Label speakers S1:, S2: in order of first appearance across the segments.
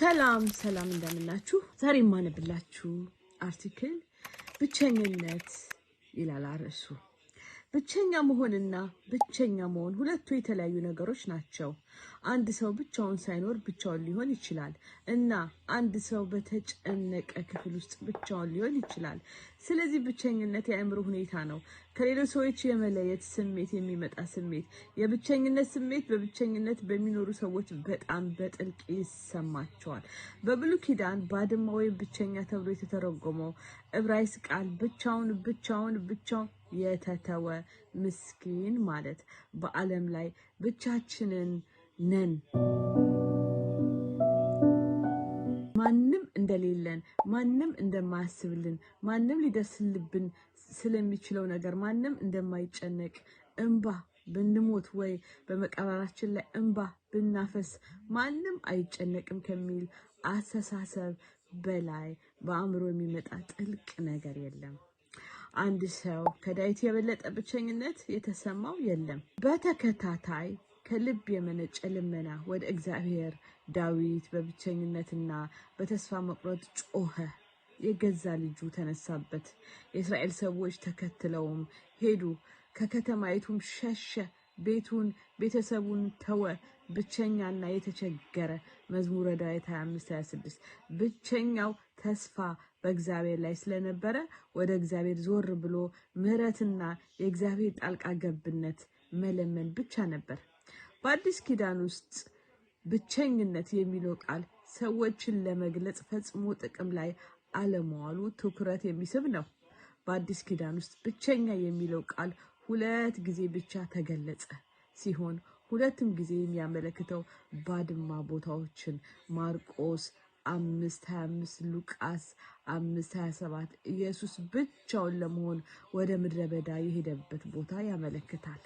S1: ሰላም ሰላም እንደምናችሁ። ዛሬ የማነብላችሁ አርቲክል ብቸኝነት ይላል አርዕሱ። ብቸኛ መሆንና ብቸኛ መሆን ሁለቱ የተለያዩ ነገሮች ናቸው። አንድ ሰው ብቻውን ሳይኖር ብቻውን ሊሆን ይችላል እና አንድ ሰው በተጨነቀ ክፍል ውስጥ ብቻውን ሊሆን ይችላል። ስለዚህ ብቸኝነት የአእምሮ ሁኔታ ነው። ከሌሎች ሰዎች የመለየት ስሜት የሚመጣ ስሜት፣ የብቸኝነት ስሜት በብቸኝነት በሚኖሩ ሰዎች በጣም በጥልቅ ይሰማቸዋል። በብሉይ ኪዳን ባድማ ወይም ብቸኛ ተብሎ የተተረጎመው ዕብራይስጥ ቃል ብቻውን ብቻውን ብቻውን የተተወ ምስኪን ማለት በዓለም ላይ ብቻችንን ነን ማንም እንደሌለን ማንም እንደማያስብልን ማንም ሊደርስልብን ስለሚችለው ነገር ማንም እንደማይጨነቅ እንባ ብንሞት ወይ በመቀበራችን ላይ እንባ ብናፈስ ማንም አይጨነቅም ከሚል አስተሳሰብ በላይ በአእምሮ የሚመጣ ጥልቅ ነገር የለም። አንድ ሰው ከዳዊት የበለጠ ብቸኝነት የተሰማው የለም። በተከታታይ ከልብ የመነጨ ልመና ወደ እግዚአብሔር ዳዊት በብቸኝነትና በተስፋ መቁረጥ ጮኸ። የገዛ ልጁ ተነሳበት። የእስራኤል ሰዎች ተከትለውም ሄዱ። ከከተማይቱም ሸሸ። ቤቱን ቤተሰቡን ተወ። ብቸኛና የተቸገረ መዝሙረ ዳዊት 25 26 ብቸኛው ተስፋ በእግዚአብሔር ላይ ስለነበረ ወደ እግዚአብሔር ዞር ብሎ ምሕረትና የእግዚአብሔር ጣልቃ ገብነት መለመን ብቻ ነበር። በአዲስ ኪዳን ውስጥ ብቸኝነት የሚለው ቃል ሰዎችን ለመግለጽ ፈጽሞ ጥቅም ላይ አለመዋሉ ትኩረት የሚስብ ነው። በአዲስ ኪዳን ውስጥ ብቸኛ የሚለው ቃል ሁለት ጊዜ ብቻ ተገለጸ ሲሆን ሁለትም ጊዜ የሚያመለክተው ባድማ ቦታዎችን ማርቆስ አምስት 25 ሉቃስ አምስት 27 ኢየሱስ ብቻውን ለመሆን ወደ ምድረ በዳ የሄደበት ቦታ ያመለክታል።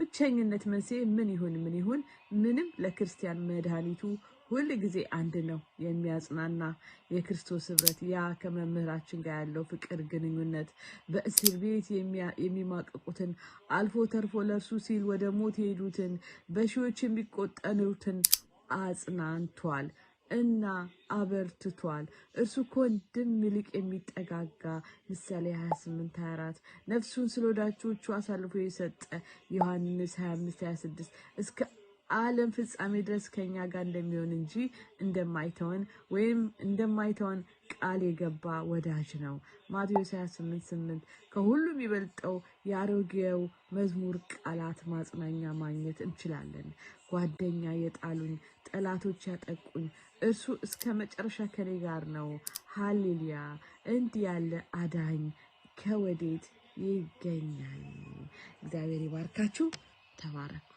S1: ብቸኝነት መንስኤ ምን ይሁን ምን ይሁን ምንም ለክርስቲያን መድኃኒቱ ሁል ጊዜ አንድ ነው የሚያጽናና የክርስቶስ ህብረት፣ ያ ከመምህራችን ጋር ያለው ፍቅር ግንኙነት በእስር ቤት የሚማቀቁትን አልፎ ተርፎ ለእርሱ ሲል ወደ ሞት የሄዱትን በሺዎች የሚቆጠሩትን አጽናንቷል እና አበርትቷል። እርሱ ከወንድም ይልቅ የሚጠጋጋ ምሳሌ 28 24 ነፍሱን ስለ ወዳጆቹ አሳልፎ የሰጠ ዮሐንስ 25 26 እስከ ዓለም ፍጻሜ ድረስ ከኛ ጋር እንደሚሆን እንጂ እንደማይተወን ወይም እንደማይተወን ቃል የገባ ወዳጅ ነው። ማቴዎስ 28፥8 ከሁሉም የሚበልጠው የአሮጌው መዝሙር ቃላት ማጽናኛ ማግኘት እንችላለን። ጓደኛ የጣሉኝ፣ ጠላቶች ያጠቁኝ፣ እርሱ እስከ መጨረሻ ከኔ ጋር ነው። ሃሌሉያ! እንዲህ ያለ አዳኝ ከወዴት ይገኛል? እግዚአብሔር ይባርካችሁ። ተባረኩ።